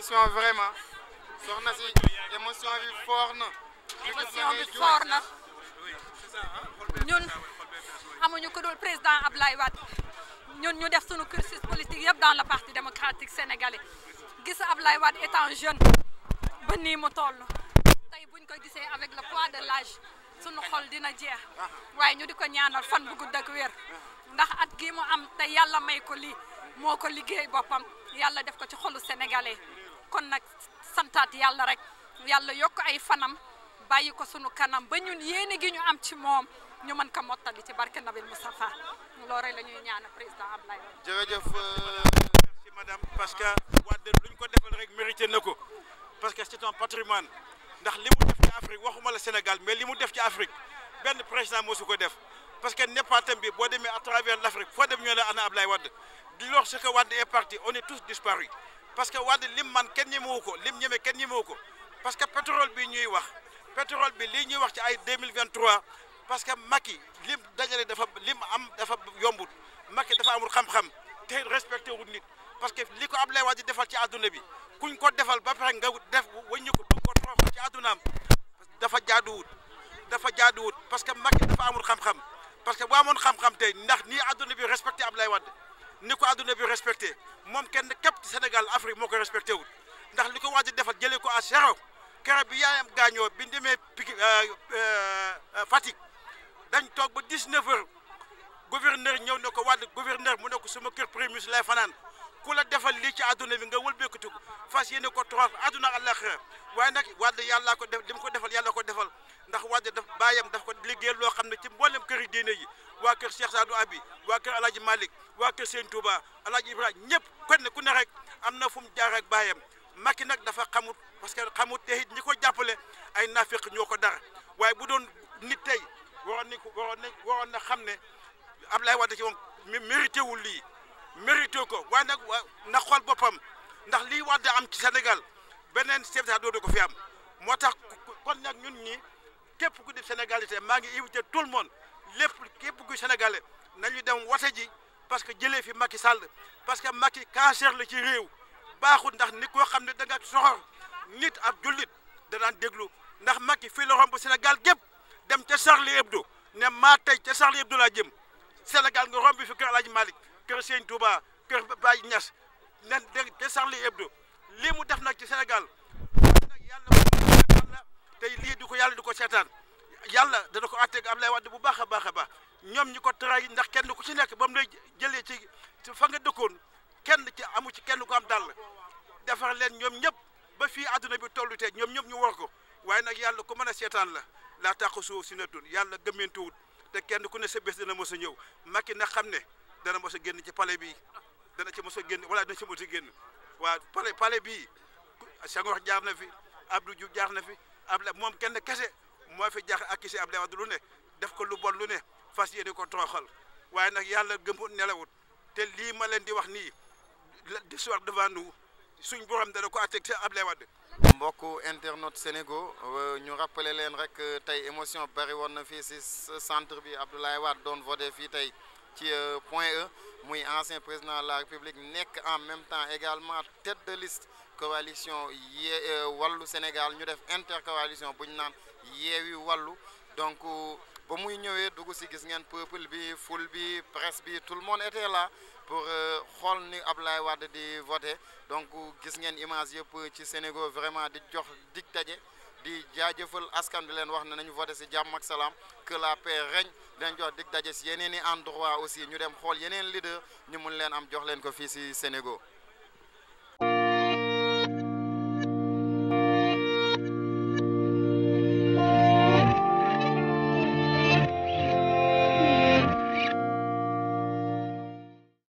émotion vraiment soxna si bi fort ñun amuñu ko dul président Abdoulaye Wade ñun ñu def suñu cursus politique yëpp dans le parti démocratique sénégalais gis Abdoulaye Wade étant jeune ba nii mu toll tey buñ ko gisee avec le poids de l'âge suñu xol dina jeex waaye ñu di ko ñaanal fan bu gudd ndax at gii mu am te yàlla may ko li moo ko liggéey boppam yàlla def ko ci xolu sénégalais kon nag santaat yàlla rek yàlla yokk ay fanam bàyyi ko sunu kanam ba ñun yéene gi ñu am ci moom ñu mën ko mottali ci barke Nabil Moustapha loore la ñuy ñaan président Ablaye jërëjëf euh, merci madame parce que Wade lu ñu ko defal rek mérité ko parce que c'est un patrimoine ndax li mu def ci Afrique waxuma la Sénégal mais li mu def ci Afrique benn président moo su ko def parce bi boo demee à travers l'Afrique foo dem ñoo ne ana Ablaye Wade di lox ce que Wade on est tous disparus parce que Wade lim man kenn ñemewu ko lim ñeme kenn ñemewu ko parce que pétrole bi ñuy wax pétrole bi lii ñuy wax ci ay 2023 parce que Macky lim dajale dafa lim am dafa yombut Macky dafa amul xam-xam te respecté wul nit parce que li ko lay Abdoulaye Wade defal ci àdduna bi kuñ ko defal ba pare nga def wëññi ko bëgg ko toroxal ci àddunaam dafa jaaduwut dafa wut parce que Macky dafa amul xam-xam parce que boo amoon xam-xam tey ndax nii àdduna bi respecté Abdoulaye Wade ni ko adduna bi respecté moom kenn képp ci Sénégal Afrique moo ko respecté wul ndax li ko waaj a defal jëlee ko a zéro keroog bi yaayam gaañoo bi ñu demee Pikine euh, euh, Fatick dañ toog ba 19 heures gouverneur ñëw ne ko wàdd gouverneur mu ne ko sama kër premier ministre lay fanaan ku la defal lii ci adduna bi nga wëlbeekatu ko fa yéene ko torox adduna àllaaxira waaye nag wàdd yàllaa ko def li ko defal yàlla ko defal ndax wàdd daf bàyyam daf ko liggéeyal loo xam ne ci mboolem këri diine yi waa kër Cheikh Sadou Abi waa kër El Hadj waa kër Sëñ Touba El Hadj Ibrahima ñëpp ku ne rek am na fu mu jaar ak baayam Macky nag dafa xamut parce que xamut te it ñi ko jàppale ay nafiq ñoo ko dara waaye bu doon nit tey waroon nañ ko waroon nañ waroon na xam ne Abdoulaye Wade ci moom mérité wul lii mérité ko waaye nag na xool boppam ndax lii Wade am ci Sénégal beneen chef d'État doo ko fi am moo tax kon nag ñun ñi képp ku di Sénégal maa ngi invité tout le monde. lépp képp kuy sénégalais nañu dem wate ji parce que jëlee fi Macky Sall parce que Macky cancer la ci réew baaxul ndax nit koo xam ne da nga soxor nit ab jullit da daan déglu ndax Macky fii la romb senegal gép dem ca Charlie Hebdo ne maa tey ca Charlie Hebdo laa jëm senegal nga romb fi kër El Hadj Malick kër Sëñ Touba kër Baye ne dégg ca Charlie Hebdo lii mu def nag ci senegal nag yàlla na tey lii du ko yàlla du ko seetaan yàlla dana ko àtteeg Ablaye Wade bu baax a baax a baax ñoom ñi ko trahi ndax kenn ku ci nekk ba mu lay jëlee ci fa nga dëkkoon kenn ci amu ci kenn ku am dàll defar leen ñoom ñëpp ba fii àdduna bi tollu tey ñoom ñëpp ñu war ko waaye nag yàlla ku mën a seetaan la laa tàq suuf si nettun yàlla gëmmentuwut te kenn ku ne sa bés dana mos a ñëw Macky na xam ne dana mos a génn ci pale bi dana ci mos a génn wala dana ci mos génn waa pale palais bii Senghor jaar na fi Abdou Diouf jaar na fi Abdoulaye moom kenn kese moo fi jax ak si Abdoulaye Wade lu ne def ko lu bon lu ne fas yéene ko tooxal waaye nag yàlla gëmut nelawut te lii ma leen di wax nii di soir devant nous suñ borom dana ko àtteeg si Abdoulaye Wade mbokku internaute Sénégal euh, ñu rappelé leen rek euh, tey émotion bari woon na fii si centre bi Abdoulaye Wade doon vode fii tey ci euh, point E muy ancien président de la République nekk en même temps également tête de liste coalition yee wallu Sénégal ñu def intercoalition bu ñu naan yeewi wàllu donc ba muy ñëwee dugg si gis ngeen peuple bi foule bi presse bi tout le monde était là pour euh, xool ni ab Ablaye Wade di voté donc gis ngeen image yëpp ci Sénégal vraiment di jox dig daje di jaajëfal askan bi leen wax ne nañu voté si jàmm ak salaam que la paix règne dinañ jox dig daje si yeneen i endroit aussi ñu dem xool yeneen leader ñu mun leen am jox leen ko fii si Sénégal